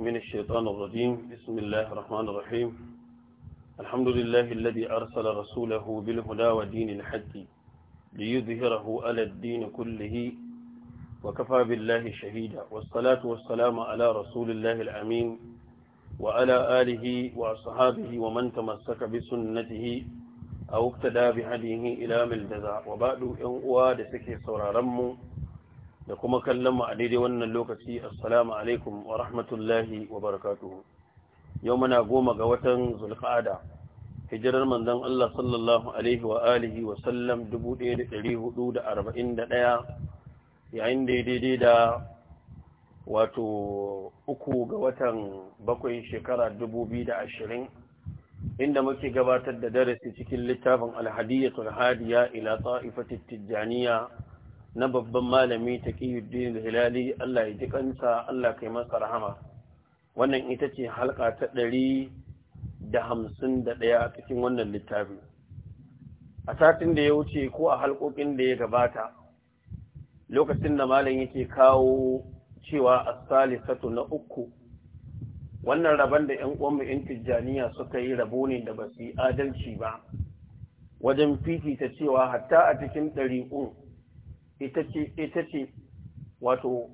من الشيطان الرجيم بسم الله الرحمن الرحيم الحمد لله الذي أرسل رسوله بالهدى ودين الحق ليظهره على الدين كله وكفى بالله شهيدا والصلاة والسلام على رسول الله الأمين وعلى آله وأصحابه ومن تمسك بسنته أو اقتدى بهديه إلى ملجزع وبعد أن أواد سكي صرارمه da kuma kallon mu a daidai wannan lokaci assalamu alaikum wa rahmatullahi wa barakatuhu yau muna goma ga watan zulqa'ada hijirar manzon Allah sallallahu alaihi wa alihi wa sallam 1441 yayin da daidai da wato uku ga watan bakwai shekara 2020 inda muke gabatar da darasi cikin littafin alhadiyatul hadiya ila ta'ifatit tijjaniya na babban malami ta da hilali Allah ya ji Allah kai masa rahama wannan ita ce halka ta ɗari da hamsin da ɗaya a cikin wannan littafi a satin da ya wuce ko a halƙoƙin da ya gabata lokacin da malam yake kawo cewa a salisatu na uku wannan rabon da ƴan uwanmu ƴan tijjaniya suka yi rabo ne da ba su yi adalci ba wajen fifita cewa hatta a cikin ɗari'un ita ce wato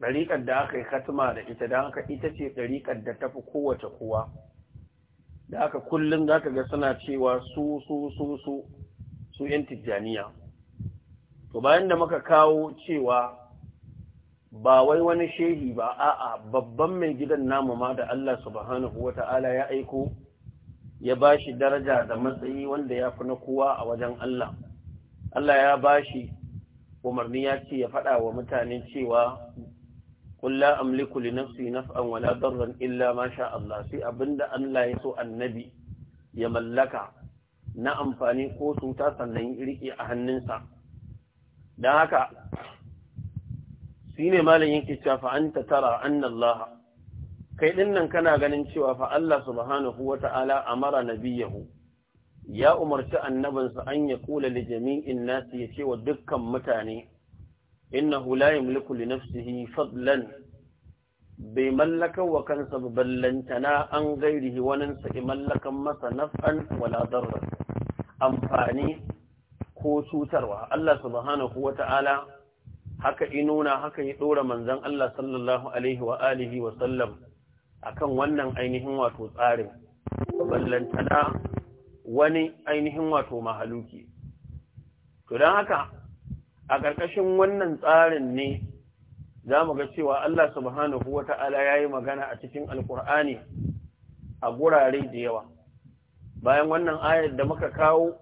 ɗariƙar da aka yi katima da ita da haka ita ce ɗariƙar da tafi kowace kowa da aka kullum za ka ga suna cewa su su su su su ‘yan tijjaniya to bayan da muka kawo cewa ba wai wani shehi ba a'a babban mai gidan namu ma da Allah subhanahu Ta'ala ya aiko ya ba shi daraja da matsayi wanda ya fi na kowa a wajen Allah Allah ya ba shi umarni ya ce ya faɗa wa mutane cewa kulla amliku li nafsi naf'an wala darran illa ma sha Allah sai abinda Allah ya so annabi ya mallaka na amfani ko cuta sannan rike a hannunsa don haka shine malam yake cewa fa anta tara anna Allah kai dinnan kana ganin cewa fa Allah subhanahu wata'ala amara nabiyahu ya umarci annabinsa an ya kula da jami'in nasu ya ce wa dukkan mutane innahu la yamliku li nafsihi fadlan bai mallakan wa kansa ballantana an gairihi waninsa i mallakan masa naf'an wala darra amfani ko cutarwa Allah subhanahu wata'ala haka inuna haka yi ɗora manzon Allah sallallahu alaihi wa alihi wa sallam akan wannan ainihin wato tsarin ballantana wani ainihin wato mahaluki to don haka a ƙarƙashin wannan tsarin ne za mu ga cewa Allah subhanahu wa ta'ala ya yi magana a cikin alƙur'ani a gurare da yawa bayan wannan ayar da muka kawo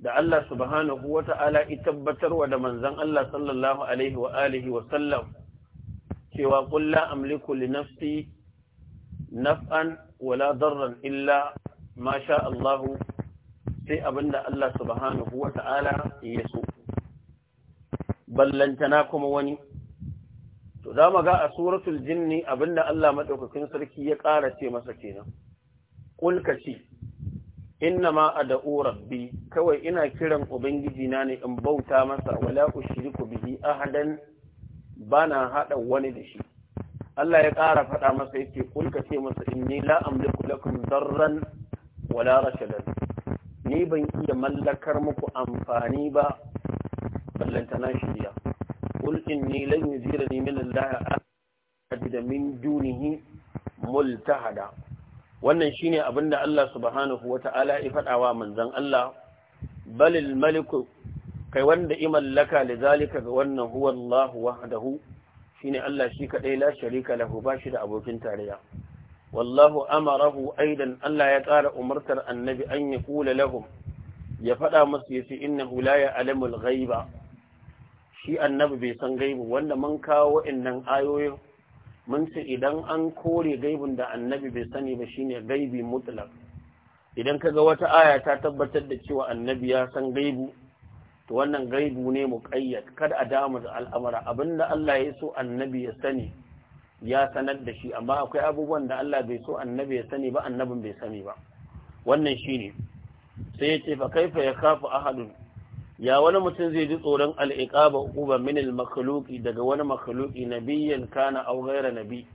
da Allah subhanahu wa ta'ala tabbatarwa da manzan Allah sallallahu Alaihi wa alihi wa sallam cewa ƙulla amliku li nafsi naf'an wala darran illa masha Allahu sai abinda Allah subhanahu wa ta'ala ya so ballantana kuma wani to za mu ga a suratul jinni abinda Allah madaukakin sarki ya ƙara ce masa kenan kul kashi innama da'o rabbi kawai ina kiran ubangiji na ne in bauta masa wala ushriku bihi ahadan bana haɗa wani da shi Allah ya ƙara faɗa masa yake kul ce masa in la amliku lakum darran wala rashadan ni ban iya mallakar muku amfani ba ballantana shirya qul inni lan ne, min allahi ajida min dunihi multahada wannan shine abinda Allah subhanahu Ta'ala ya faɗa wa manzon Allah balil maliku kai wanda imallaka zalika ga wannan huwa Allah wahdahu shine Allah shi kadai la sharika lahu bashi da abokin tarayya wallahu amarahu aidan Allah ya ƙara umartar annabi an ya kula lahum ya faɗa musu ya ce hula ya ya'lamul gaiba. shi annabi bai san gaibu wanda mun kawo wa'annan ayoyin mun ce idan an kore gaibun da annabi bai sani ba shine gaibi mutlaq idan ka ga wata aya ta tabbatar da cewa annabi ya san gaibu to wannan gaibu ne mu muqayyad kada a damu da al'amara abinda Allah ya so annabi ya sani ya sanar da shi amma akwai abubuwan da Allah bai so annabi ya sani ba annabin bai sani ba wannan shine sai ya ce fa kaifa ya kafu ahadun ya wani mutum zai ji tsoron al'iqaba uba minil makhluqi daga wani makhluqi nabiyyan kana aw ghayra nabi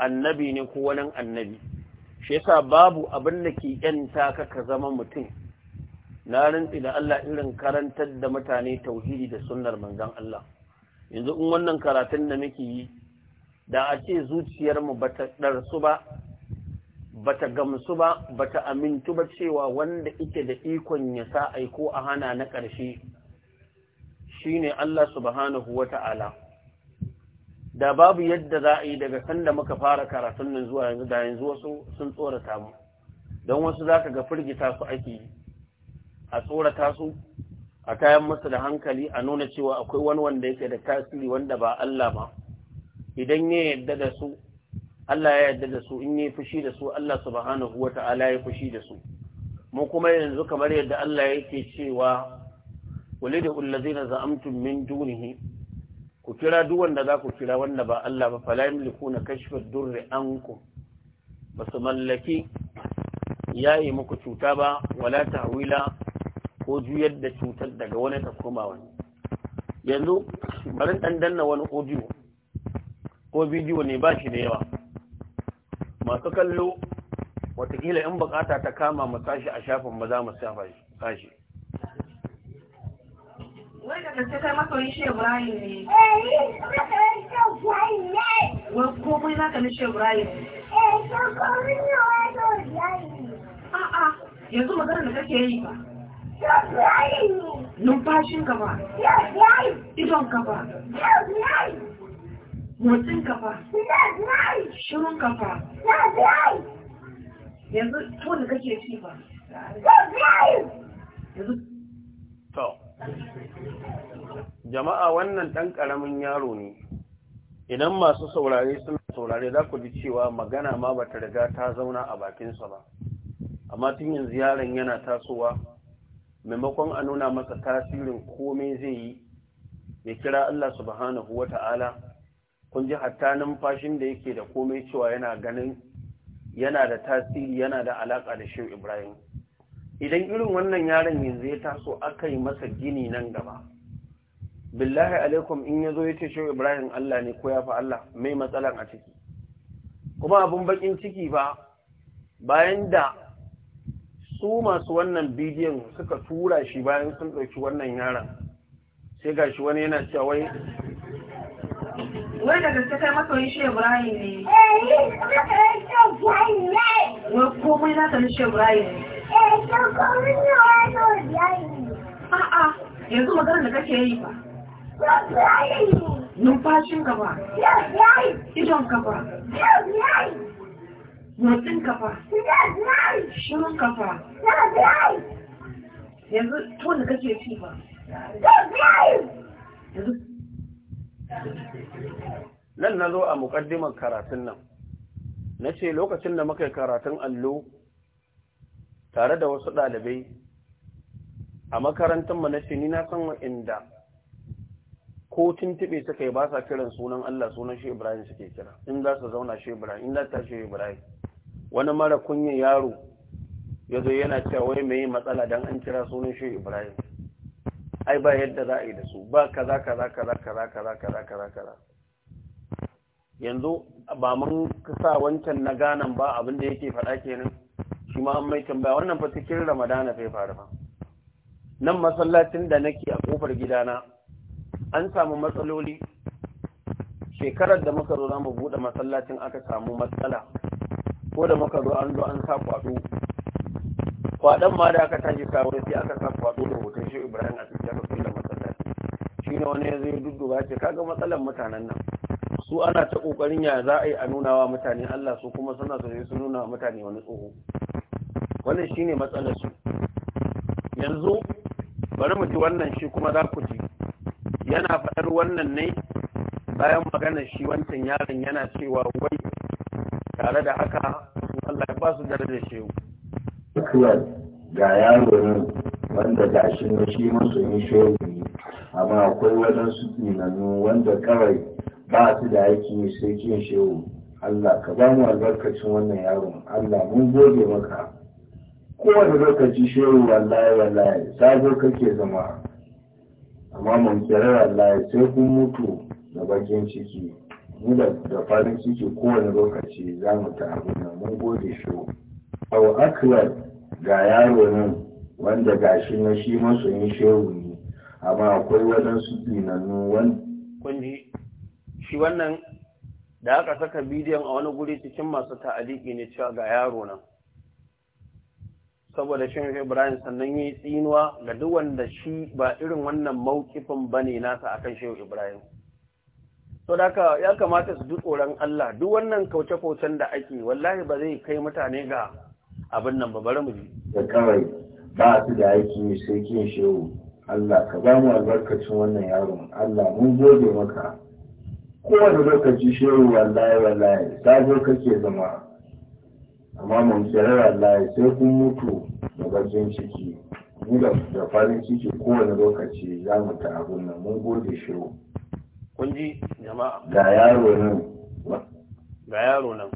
annabi ne ko wani annabi shi yasa babu abin da ke ‘yanta ka ka zama mutum na rantsi da Allah irin karantar da mutane tauhidi da sunnar manzon Allah yanzu in wannan karatun da muke yi da a ce zuciyarmu ba ta ɗarsu ba ba ta gamsu ba ba ta amintu ba cewa wanda ike da ikon ya sa aiko a hana na ƙarshe shi ne Allah subhanahu wa ta'ala da babu yadda za a yi daga sanda muka fara karatun nan zuwa yanzu da yanzu wasu sun tsorata mu don wasu za ka ga firgita su ake a tsorata su a kayan musu da hankali a nuna cewa akwai wani wanda yake da tasiri wanda ba Allah ba idan ya yadda da su Allah ya yadda da su in yi fushi da su Allah subhanahu wa ta'ala ya fushi da su mu kuma yanzu kamar yadda Allah yake cewa walidu allazina za'amtum min dunihi ku kira duk wanda za ku kira wanda ba Allah ba fala yamlikuna kashfa durri ankum basu mallaki yayi muku cuta ba wala ta'wila ko juyar da cutar daga wani ta koma wani yanzu bari dan danna wani audio ko bidiyo ne ba shi da yawa masu kallo watakila in bukata ta kama mu tashi a shafin ba za mu tashi wai da gaske kai masoyin shi Ibrahim ne wai komai naka na shi Ibrahim a'a yanzu magana da kake yi ba numfashin ka ba idon ka ba motsin kafa shirin kafa yanzu tuni kake ci ba jama'a wannan ɗan ƙaramin yaro ne idan masu saurare suna saurare za ku ji cewa magana ma ba ta riga ta zauna a bakinsa ba amma tun yanzu yaron yana tasowa maimakon a nuna masa tasirin komai zai yi ya kira Allah subhanahu wa ta'ala kun ji hatta numfashin da yake da komai cewa yana ganin yana da tasiri yana da alaka da shehu ibrahim idan irin wannan yaron yanzu ya taso aka yi masa gini nan gaba billahi alaikum in ya zo ya ce shehu ibrahim allah ne ko ya fi allah mai matsalan a ciki kuma abin bakin ciki ba bayan da su masu wannan bidiyon suka tura shi bayan sun ɗauki wannan yaron sai ga shi wani yana cewa wai wai da gaske kai masoyin shi Ibrahim ne wai komai na kan shi Ibrahim ne a'a yanzu magana da kake yi ba numfashin ka ba idon ka ba motsin ka ba shirin ka ba yanzu to da kake ci ba yanzu nan na zo a mukaddimar karatun nan na ce lokacin da muka yi karatun allo tare da wasu ɗalibai a makarantunmu na ce ni na san inda ko tuntuɓe suka yi ba sa kiran sunan Allah sunan shi Ibrahim suke kira in za su zauna shi Ibrahim in za ta shi Ibrahim wani mara kunyin yaro ya zo yana cewa wai mai matsala don an kira sunan shi Ibrahim ai ba yadda za a yi da su ba kaza kaza kaza kaza kaza kaza kaza kaza yanzu ba mun kasa wancan na ganan ba abin da yake faɗa kenan shi ma an mai tambaya wannan fa cikin ramadana sai faru ba nan masallacin da nake a kofar gidana an samu matsaloli shekarar da muka zo za buɗe masallacin aka samu matsala ko da muka zo an zo an sa kwaɗo kwaɗan ma da aka tashi kawai sai aka sa kwaɗo da hoton shi ibrahim a cikin kafin da masallaci shi ne wani ya zai dudduba ce kaga matsalar mutanen nan su ana ta kokarin ya za a yi a nuna wa mutane Allah su kuma suna so su nuna wa mutane wani tsoho wannan shine matsalar su yanzu bari mu ji wannan shi kuma za ku ji yana faɗar wannan ne bayan magana shi wancan yaron yana cewa wai tare da haka Allah ya ba su darajar shehu kiyar ga yaro nan wanda ga shi ne shi yin shehu amma akwai waɗansu tunanu wanda kawai ba su da aiki sai kiyan shehu Allah ka ba mu albarkacin wannan yaron Allah mun gode maka kowane lokaci shehu wallahi wallahi sabo kake zama amma mun kira wallahi sai kun mutu da bakin ciki mu da farin ciki kowane lokaci za mu ta abin mun gode shehu aw akwai ga yaro nan wanda ga shi na shi masoyin shehu ne amma akwai waɗansu tunanu wani shi wannan da aka saka bidiyon a wani guri cikin masu ta'adiki ne cewa ga yaro nan saboda shi ibrahim sannan yi tsinuwa ga duk wanda shi ba irin wannan ba ne nasa akan shehu ibrahim to da ya kamata su duk tsoron Allah duk wannan kauce-kaucen da ake wallahi ba zai kai mutane ga abin nan ba bari mu ji da kawai ba su da aiki sai kin shehu Allah ka ba mu albarkacin wannan yaron Allah mun gode maka kowane lokaci shehu wallahi wallahi sabo kake zama amma mun kira wallahi sai kun mutu da bakin ciki Ni da farin ciki kowane lokaci za mu ta abun nan mun gode shehu kun ji jama'a ga yaro nan ga yaro nan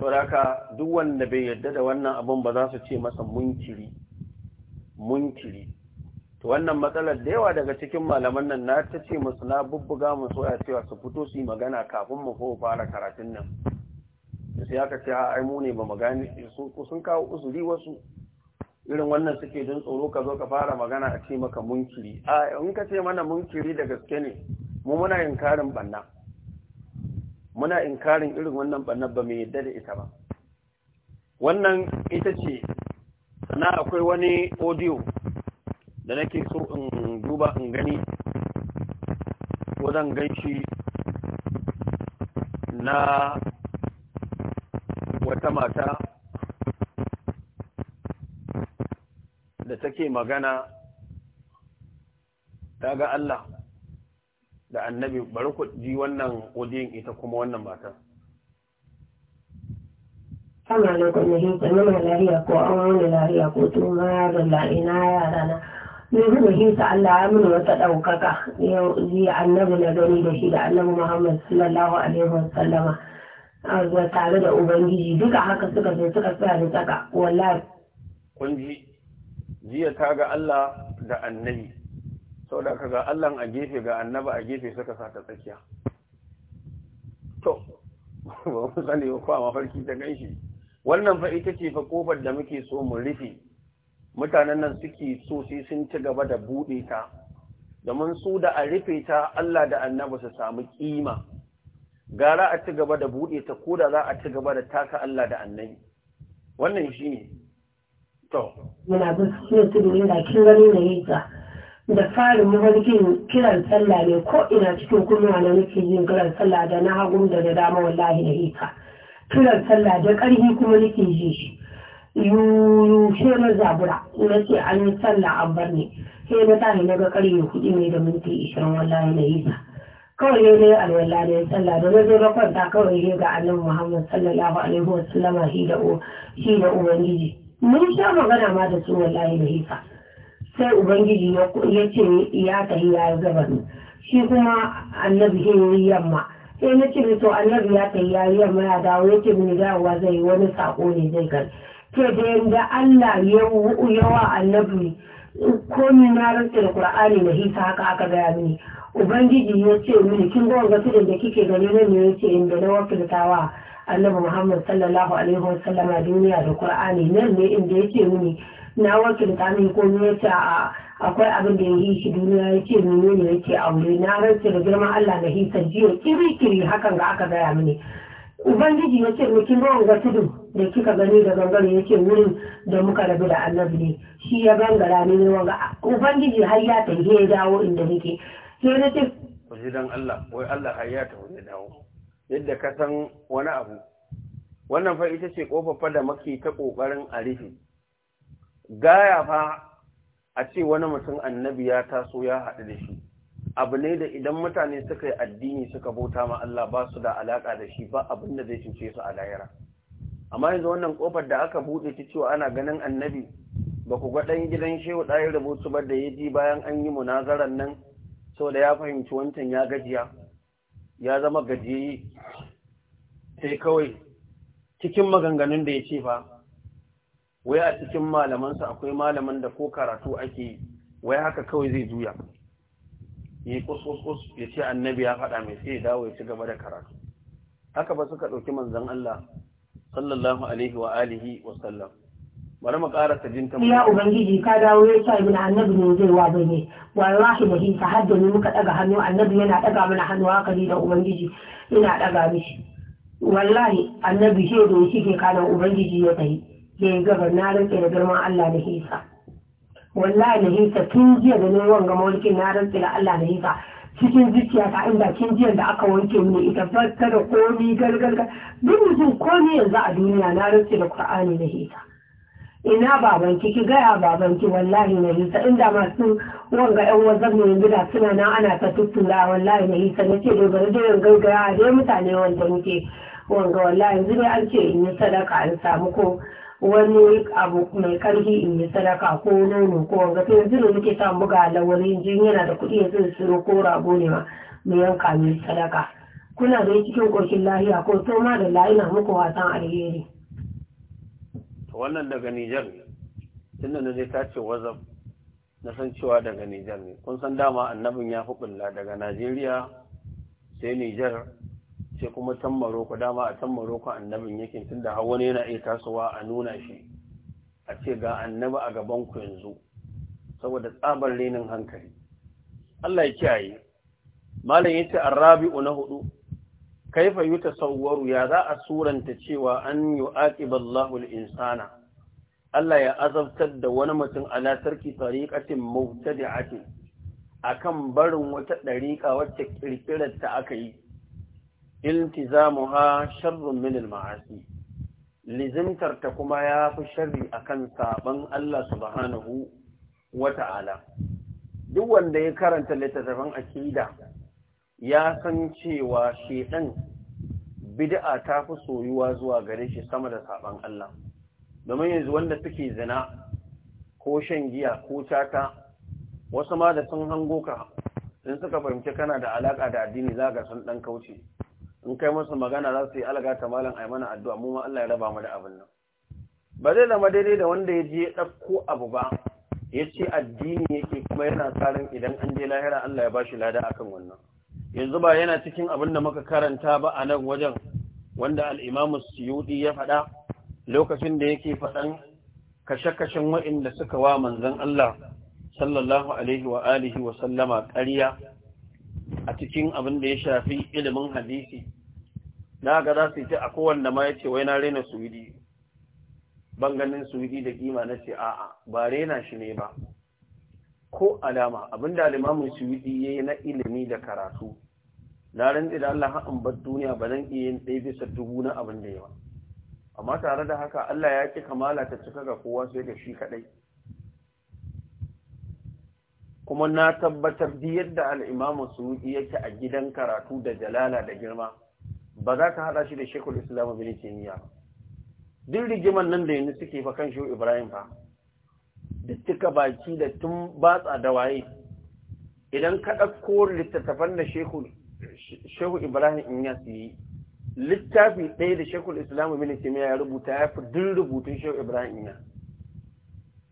to haka duk wanda bai yarda da wannan abun ba za su ce masa munkiri munkiri to wannan matsalar da yawa daga cikin malaman nan na ta ce musu na bubbuga mu soya cewa su fito su yi magana kafin mu ko fara karatun nan da sai aka ce ai mu ne ba mu gane sun kawo uzuri wasu irin wannan suke jin tsoro ka zo ka fara magana a ce maka munkiri a in ka ce mana munkiri da gaske ne mu muna yin karin banna muna inkarin irin wannan bannan ba mai yadda da ita ba wannan ita ce na akwai wani audio da nake so in duba in gani ko zan ganshi na wata mata da take magana ta ga Allah da annabi bari ku ji wannan odiyin ita kuma wannan mata sama na ta tsanin malariya ko an wani lariya ko tuma da la'ina yara na ne kuma ta Allah ya mini wata ɗaukaka yau ji annabi na gani da shi da annabi Muhammad sallallahu alaihi wasallama a tare da ubangiji duka haka suka zo suka tsaya da tsaka wallahi kun ji jiya ta ga Allah da annabi sau da ga Allahn a gefe ga annaba a gefe suka sa ta tsakiya to ba mu sani ba kwa mafarki ta ganshi wannan fa ita ce fa kofar da muke so mu rufe mutanen nan suke so sai sun ci gaba da buɗe ta domin su da a rufe ta Allah da annaba su samu kima gara a ci gaba da buɗe ta ko da za a ci gaba da taka Allah da annabi wannan shine to yana bin sai tudu kin ganin da yake da farin mafarkin kiran sallah ne ko ina cikin kunnuwa na nake yin kiran sallah da na hagun da da dama wallahi da ika kiran sallah da ƙarfi kuma nake ji shi na zabura na ce an yi sallah an bar ne sai na tare na ga ƙarfe kuɗi ne da minti ishirin wallahi na isa kawai ne dai alwala ne sallah da na zo na kwanta kawai ne ga annabi muhammad sallallahu alaihi wa sallama shi da ubangiji mun sha magana ma da su wallahi da isa sai ubangiji ya ce ya tafi ya yi ne, shi kuma annabi ke yi yamma sai na ce to annabi ya tafi ya yamma ya dawo ya ce mini dawowa zai yi wani sako ne zai kai ke da yadda Allah ya yawa annabi ko ni na rantsa da Qur'ani na hisa haka aka gaya mini ubangiji ya ce mini kin ga wanga da kike gani ne ya ce inda na wakiltawa annabi muhammad sallallahu alaihi wa sallama duniya da qur'ani nan ne inda yake muni na wakil kamin ko ne a akwai abin da ya yi shi duniya yake ce ne yake aure na rantse da girman allah da hisar jiya kiri-kiri hakan ga aka gaya mini ubangiji ya ce miki ruwan ga tudu da kika gani da gangare ya ce wurin da muka rabu da annabi ne shi ya gangara ne ruwan ga ubangiji har ya tafi ya dawo inda nake sai na ce wajidan allah wai allah har ya tafi ya dawo yadda ka san wani abu wannan fa ita ce kofafa da muke ta kokarin a gaya fa a ce wani mutum annabi ya taso ya haɗu da shi abu ne da idan mutane suka yi addini suka bauta ma Allah ba su da alaka da shi ba abin zai cince su a lahira amma yanzu wannan kofar da aka buɗe ta cewa ana ganin annabi ba ku ga ɗan gidan shehu ɗaya rubutu ba da ya ji bayan an yi munazaran nan saboda ya fahimci wancan ya gajiya ya zama gajiyi sai kawai cikin maganganun da ya ce fa wai a cikin malamansa akwai malaman da ko karatu ake yi wai haka kawai zai juya yi kusus-kus ya ce annabi ya faɗa mai sai dawo ya ci gaba da karatu haka ba suka ɗauki manzan Allah sallallahu alaihi wa alihi wa sallam bari mu ƙara ta jinta mu ya ubangiji ka dawo ya sa ibn annabi ne zai wa bane wallahi da hin tahaddu muka daga hannu annabi yana daga mana hannu haka ni da ubangiji ina daga mishi wallahi annabi shi da shi ke kana ubangiji ya tayi ya gaba na rantsa da girman Allah da hisa wallahi da hisa tun jiya da ne wanga mulkin na rantsa da Allah da hisa cikin zuciya ta inda kin jiya da aka wanke mini ita fatta da komi gargarga duk mutum komi yanzu a duniya na rantsa da Qur'ani da hisa ina babanki ki gaya babanki wallahi na hisa inda masu wanga yan wazan mai gida suna nan ana ta tuttura wallahi na hisa na ce dogara da yan gaya a ya mutane wanda muke wanga wallahi yanzu ne an ce in yi sadaka in samu ko wani abu mai karfi in yi sadaka ko nono ko wanga to yanzu ne muke samu buga lawalin jin yana da kuɗi yanzu siro ko rago ne ma mu yanka mu sadaka kuna da cikin ƙoshin lahiya ko to ma da ina muku wasan alheri. wannan daga Nijar ne tun da zai ta ce wazab na san cewa daga Nijar ne kun san dama annabin ya fi bulla daga Najeriya sai Nijar sai kuma can Maroko dama a can Maroko annabin yake tun da wani yana iya tasowa a nuna shi a ce ga annabi a gaban ku yanzu saboda tsabar renin hankali Allah ya kiyaye malam yace Rabi'u na hudu kaifa yi tasawwaru ya za a suranta cewa an yi aqiballahu insana Allah ya azabtar da wani mutum ala tarki tariqatin mubtadi'atin akan barin wata ɗariƙa wacce ƙirƙirarta ta aka yi iltizamuha sharrun min maasi lizimtar ta kuma ya fi sharri akan saban Allah subhanahu wata'ala duk wanda ya karanta littattafan akida ya san cewa ɗan bid'a ta fi soyuwa zuwa gare shi sama da saɓan Allah domin yanzu wanda suke zina ko shan giya ko tata wasu ma da sun hango ka sun suka fahimci kana da alaƙa da addini za ga sun ɗan kauce in kai musu magana za su yi alga ta malam ai mana addu'a mu ma Allah ya raba mu da abin nan ba zai zama daidai da wanda ya je ya ɗauko abu ba ya ce addini yake kuma yana tsarin idan an je lahira Allah ya bashi lada akan wannan yanzu ba yana cikin abin da muka karanta ba a nan wajen wanda al'imamu suyudi ya faɗa lokacin da yake faɗan kashe-kashen wa'inda suka wa manzan Allah sallallahu alaihi wa alihi wa sallama ƙarya a cikin abin da ya shafi ilimin hadisi na ga za su yi a kowanne ma ya ce wai na rena suyudi ban ganin da kima na ce a'a ba rena shi ne ba ko alama abinda limamin suwidi ya yi na ilimi da karatu na rantsi da Allah haɗin bar duniya ba zan iya yin ɗaya bisa dubu na abin da yawa amma tare da haka Allah ya ƙi kamala ta cika ga kowa sai da shi kaɗai kuma na tabbatar da yadda al'imamu suwidi yake a gidan karatu da jalala da girma ba za ka haɗa shi da shekul islam bin ba duk rigimar nan da yanzu suke fa kan shi ibrahim fa da cika baki da tun batsa da waye idan ka ɗauko littattafan da shehu ibrahim in ya yi littafi ɗaya da shekul islamu bin ya rubuta ya fi duk rubutun shehu ibrahim in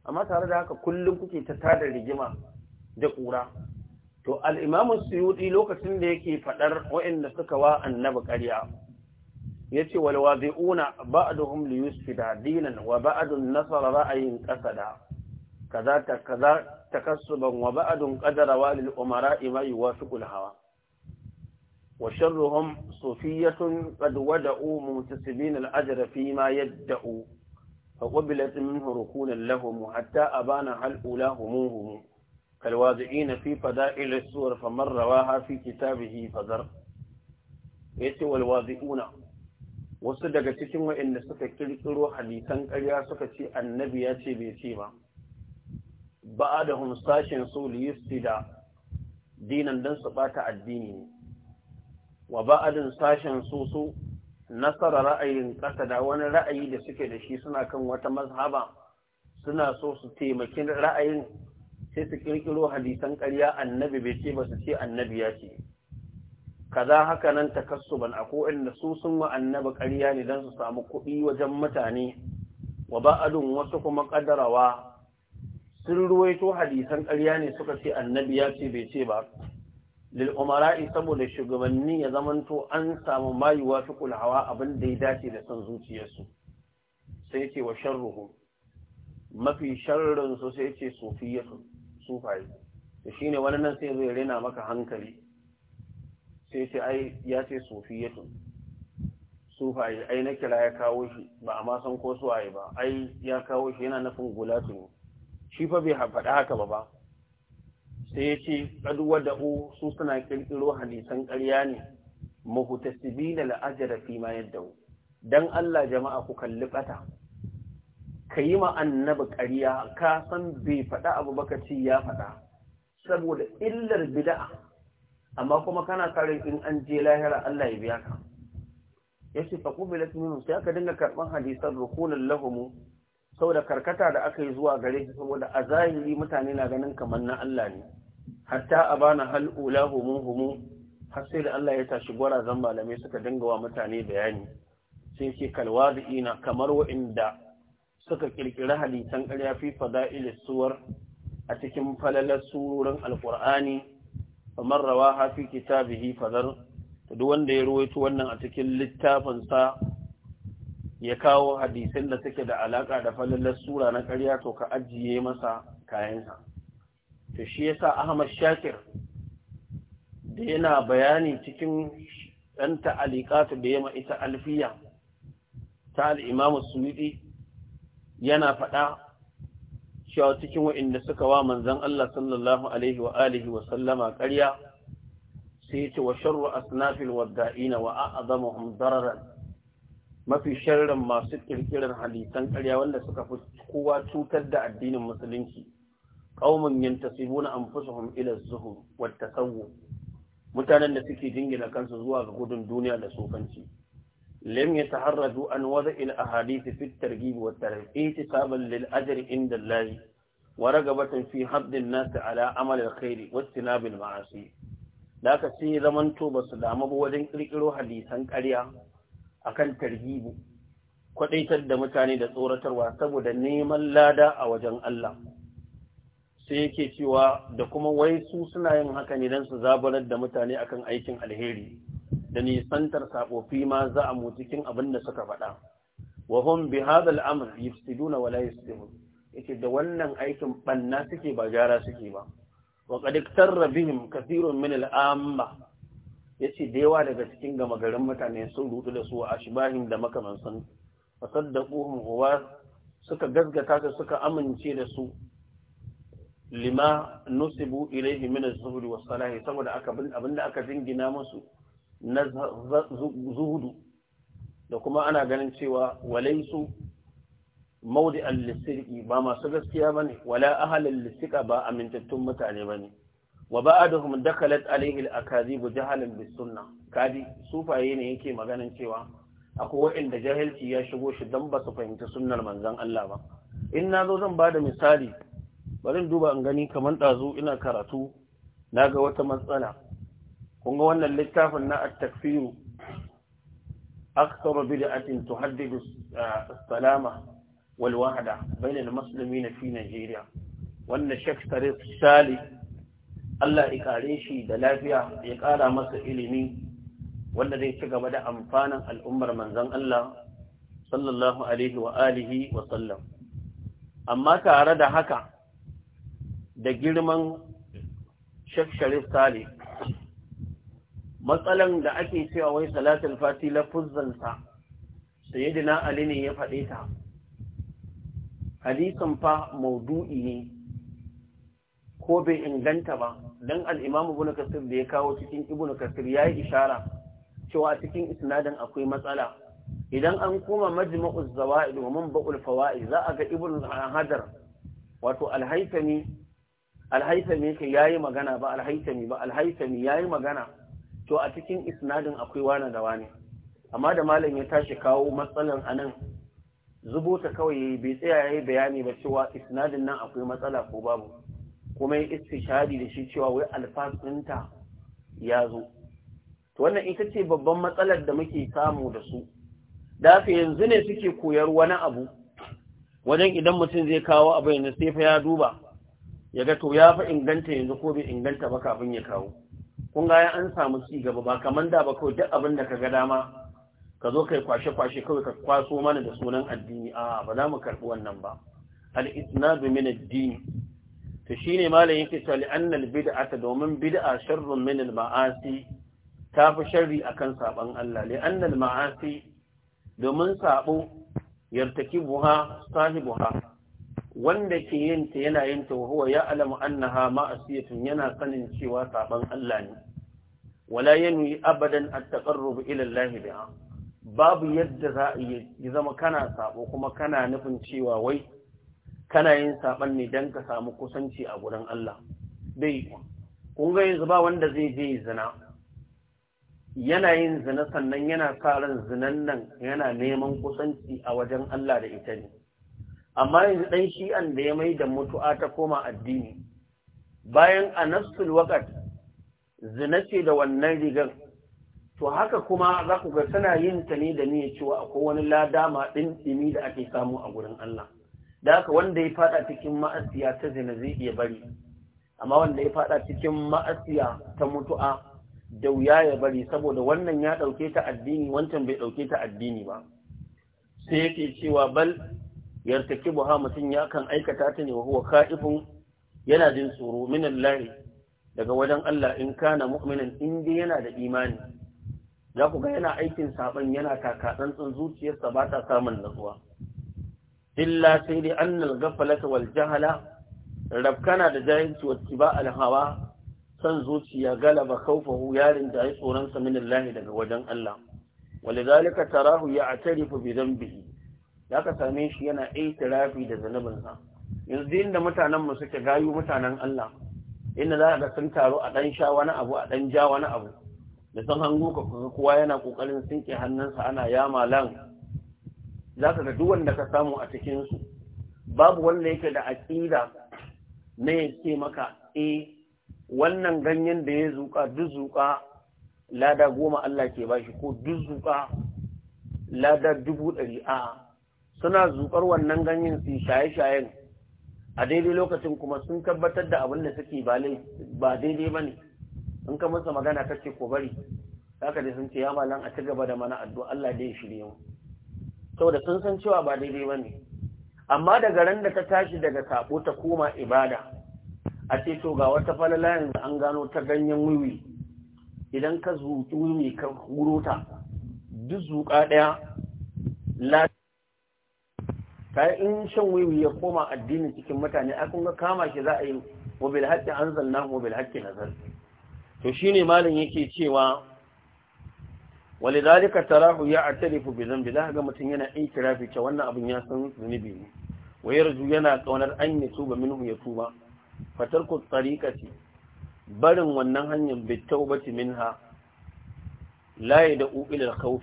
amma tare da haka kullum kuke ta tada rigima da ƙura to al'imamun suyuɗi lokacin da yake faɗar waɗanda suka wa Annabi ƙarya ya ce una ba'aduhum li yusfida dinan wa ba'adun nasara ra'ayin da?" كذا كذا تكسبا وبعد قدر روى الامراء ما يوافق الهوى وشرهم صوفية قد ودعوا منتسبين الأجر فيما يدعوا فقبلت منه ركونا لهم حتى أبان هل أولى هموهم كالواضعين في فضائل السور فمن رواها في كتابه فذر يتي والواضعون وصدق تتم ان سكت تلك kirkiro hadisan ƙarya suka ce annabi ya ba'adahum sashin su li dinan dan su bata addini ne wa ba'adin sashen su su nasara ra'ayin ƙasa da wani ra'ayi da suke da shi suna kan wata mazhaba suna so su taimaki ra'ayin sai su kirkiro hadisan ƙarya annabi bai ce ba su ce annabi ya ce kaza haka nan takassuban akwai inda su sun wa annabi ƙarya ne don su samu kuɗi wajen mutane wa ba'adun wasu kuma ƙadarawa sun ruwaito hadisan ƙarya ne suka ce annabi ya ce bai ce ba lil umara'i saboda shugabanni ya zamanto an samu mayuwa fi kulhawa abin da ya dace da san zuciyarsu sai ce wa sharruhu mafi sharrin su sai ce sufiyatu sufai to shine wani nan sai zai rena maka hankali sai ce ai ya ce sufiyatu sufai ai na kira ya kawo shi ba a ma san ko suwaye ba ai ya kawo shi yana nufin gulatu shi fa bai faɗa haka ba ba sai ya ce ƙaduwa da 'o su suna ƙirƙiro hadisan ƙarya ne muhtasibina la'ajra fi ma o. Don Allah jama'a ku kalli Ka yi ma annabi ƙarya ka san bai faɗa abu baka ci ya faɗa saboda illar bida'a. amma kuma kana karin in an je lahira Allah ya biya ka yace fa qubilat minhum sai aka dinga karban hadisan rukunan lahumu saboda karkata da aka yi zuwa gare shi saboda a zahiri mutane na ganin kamar na Allah ne hatta a bana halula humu humu har sai da Allah ya tashi gwarazan malamai suka dinga wa mutane bayani sai ce kalwa da ina kamar wa'inda suka kirkiri halittan ƙarya fi fada'il suwar a cikin falalar surorin alƙur'ani kamar rawa hafi kitabihi fadar duk wanda ya ruwaito wannan a cikin littafinsa ya kawo hadisin da suke da alaƙa da falallar sura na ƙarya to ka ajiye masa kayansa to shi yasa Ahmad Shakir da yana bayani cikin ɗan ta'aliƙatu da yamma ita alfiya ta al-Imam yana faɗa cewa cikin waɗanda suka wa manzon Allah sallallahu alaihi wa alihi wa sallama ƙarya sai ce wa sharru asnafil wadda'ina wa a'zamuhum dararan mafi sharrin masu kirkirar halittan ƙarya wanda suka fi kowa cutar da addinin musulunci qaumun yantasibuna su ila az-zuhur wat mutanen da suke jingina kansu zuwa ga gudun duniya da sofanci lam yataharraju an wada ila a fi at-targhib wa at-tarhib tisaban lil ajri inda Allah wa ragabatan fi habd an ala amal al wa istinab maasi da ka sai zamanto basu damu ba wajen kirkiro hadisan ƙarya akan tarhibu kwadaitar da mutane da tsoratarwa saboda neman lada a wajen Allah sai yake cewa da kuma wai su suna yin haka ne don su zabarar da mutane akan aikin alheri da nisantar sabofi ma za a mutu cikin abin da suka faɗa wa hum bi hadha al-amr yufsiduna wa la yake da wannan aikin banna suke ba gyara suke ba wa qad iktarra bihim kathirun min al-amma ya ce da yawa daga cikin gama garin mutane sun rutu da su a shibahin da makamansan fasaddaquhum huwa suka gasgata su suka amince da su lima nusibu ilaihi min az-zuhd was salah saboda aka abinda aka jingina musu na zuhudu da kuma ana ganin cewa walaisu maudi al-sirqi ba masu gaskiya bane wala ahlal lisika ba amintattun mutane bane wa ba'aduhum dakalat alaihi al-akazib jahalan bis sunnah kadi sufaye ne yake maganan cewa akwai waɗanda jahilci ya shigo shi dan ba su fahimci sunnar manzon Allah ba in na zo zan bada misali bari duba in gani kaman dazu ina karatu naga wata matsala kun ga wannan littafin na at-takfir أكثر بدعة salama السلامة والوحدة بين المسلمين في نيجيريا najeriya الشيخ تاريخ السالي Allah ya kare shi da lafiya ya ƙara masa ilimi wanda zai ci gaba da amfanin al'ummar manzon Allah sallallahu alaihi wa alihi wa sallam amma tare da haka da girman Sheikh Sharif Saleh matsalan da ake cewa wai salatul fati lafuzzansa sayyidina Ali ne ya faɗe ta hadisin fa maudu'i ne ko bai inganta ba dan al-Imam Ibn Kathir da ya kawo cikin Ibn Kathir yayi ishara cewa cikin isnadin akwai matsala idan an kuma majma'u zawaid wa manba'ul fawaid za a ga Ibn Hajar wato al-Haythami al-Haythami kai yayi magana ba al-Haythami ba al-Haythami yayi magana to a cikin isnadin akwai wani da wani amma da malam ya tashi kawo matsalan anan zubo ta kawai bai tsaya yayi bayani ba cewa isnadin nan akwai matsala ko babu kuma ya istishadi da shi cewa wai alfasunta ya zo to wannan ita ce babban matsalar da muke samu da su da yanzu ne suke koyar wani abu wajen idan mutum zai kawo abu yanzu sai fa ya duba ya ga to ya fa inganta yanzu ko bai inganta ba kafin ya kawo kun ga an samu ci gaba ba kaman da ba kawai duk abin da ka ga dama ka zo kai kwashe kwashe kawai ka kwaso mana da sunan addini a ba za mu karɓi wannan ba al-isnadu min ad-din to shine malam yake cewa bid'a ta domin bid'a sharrun min al-ma'asi tafi sharri akan saban Allah li'annal ma'asi domin sabo sahi buha wanda ke yin ta yana yin ta huwa ya alamu annaha ma'asiyatun yana sanin cewa saban Allah ne wala yanwi abadan a taqarrub ila Allah babu yadda za a yi zama kana sabo kuma kana nufin cewa wai kana yin saban ne don ka samu kusanci a gurin Allah bai kun ga yanzu ba wanda zai je zina yana yin zina sannan yana sa zinan nan yana neman kusanci a wajen Allah da ita ne amma yanzu ɗan shi'an da ya mai da mutu'a ta koma addini bayan a nafsul zina ce da wannan rigar to haka kuma za ku ga suna yin ta ne da niyyar cewa akwai wani ladama ɗin ɗimi da ake samu a gurin Allah da haka wanda ya fada cikin ma'asiya ta zina zai iya bari amma wanda ya fada cikin ma'asiya ta mutu'a da wuya ya bari saboda wannan ya dauke ta addini wancan bai dauke ta addini ba sai yake cewa bal yartakibu ha mutum ya kan aikata ta ne wa huwa ka'ifun yana jin tsoro min Allah daga wajen Allah in kana mu'minin in dai yana da imani za ku ga yana aikin saban yana taka tsantsan zuciyarsa ba ta samun natsuwa illa sai dai annal gafalata wal jahala rabkana da jahilci wa tiba al hawa san zuciya galaba khawfahu yarin da ai tsoron sa min Allah daga wajen Allah walidhalika tarahu ya'tarifu bi dhanbihi zaka same shi yana itirafi da zanubinsa yanzu inda mutanen mu suke gayu mutanen Allah inda za ka sun taro a dan sha wani abu a dan ja wani abu da san hango ka kowa yana kokarin sinke hannunsa ana yama lan za ka ga duk wanda ka samu a cikinsu babu wanda yake da aƙida na ya ce maka e wannan ganyen da ya zuƙa duk zuƙa lada goma Allah ke ba shi ko duk zuƙa lada dubu ɗari a suna zuƙar wannan ganyen su shaye-shayen a daidai lokacin kuma sun tabbatar da abin da suke ba daidai ba ne in ka masa magana kake ko bari ka da sun ce ya malan a ci gaba da mana addu'a Allah da ya shirye mu saboda sun san cewa ba daidai ba ne amma daga ran da ta tashi daga sabo ta koma ibada a ce to ga wata falala yanzu an gano ta ganyen wiwi idan ka zuƙi wiwi ka huro ta duk zuƙa ɗaya la ta in shan wiwi ya koma addini cikin mutane a kun ga kama shi za a yi mobil haƙƙi an zanna mobil haƙƙi nazar to shine malam yake cewa dalika tarahu ya'tarifu bi dhanbi da ga mutum yana ikirafi ta wannan abin ya san zunubi ne wa yarju yana kaunar an ya tuba minhu ya tuba fatarku tariqati barin wannan hanyar bi tawbati minha la yad'u ila al-khawf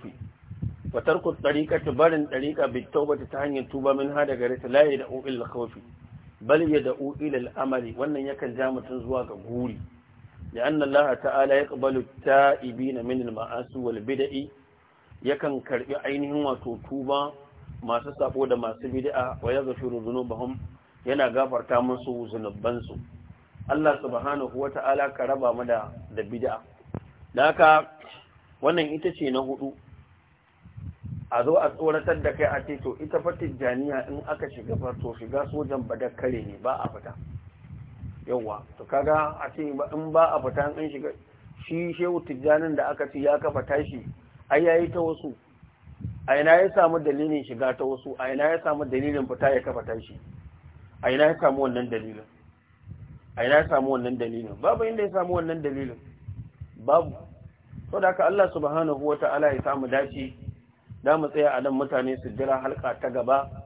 fatarku tariqati barin tariqa bi tawbati ta hanyar tuba minha daga rita la yad'u ila al-khawf bal yad'u ila al-amali wannan yakan ja mutum zuwa ga guri لأن الله تعالى يقبل التائبين من المعاصي والبدع yakan karɓi ainihin wato tuba masu sabo da masu bid'a wa yaghfiru dhunubahum yana gafarta musu zunubansu Allah subhanahu Ta'ala ka raba mu da da bid'a haka wannan ita ce na hudu a zo a tsoratar da kai a ce to ita fa tijjaniya in aka shiga fa shiga sojan badar kare ne ba a fita yawwa to kaga a ce in ba a fita an shiga shi shehu tijjanin da aka ci ya kafa tashi ai yayi ta wasu a ina ya samu dalilin shiga ta wasu a ina ya samu dalilin fita ya kafa tashi a ina ya samu wannan dalilin a ina ya samu wannan dalilin babu inda ya samu wannan dalilin babu to da haka Allah subhanahu wata'ala ya samu dace da mu tsaya a nan mutane su jira halka ta gaba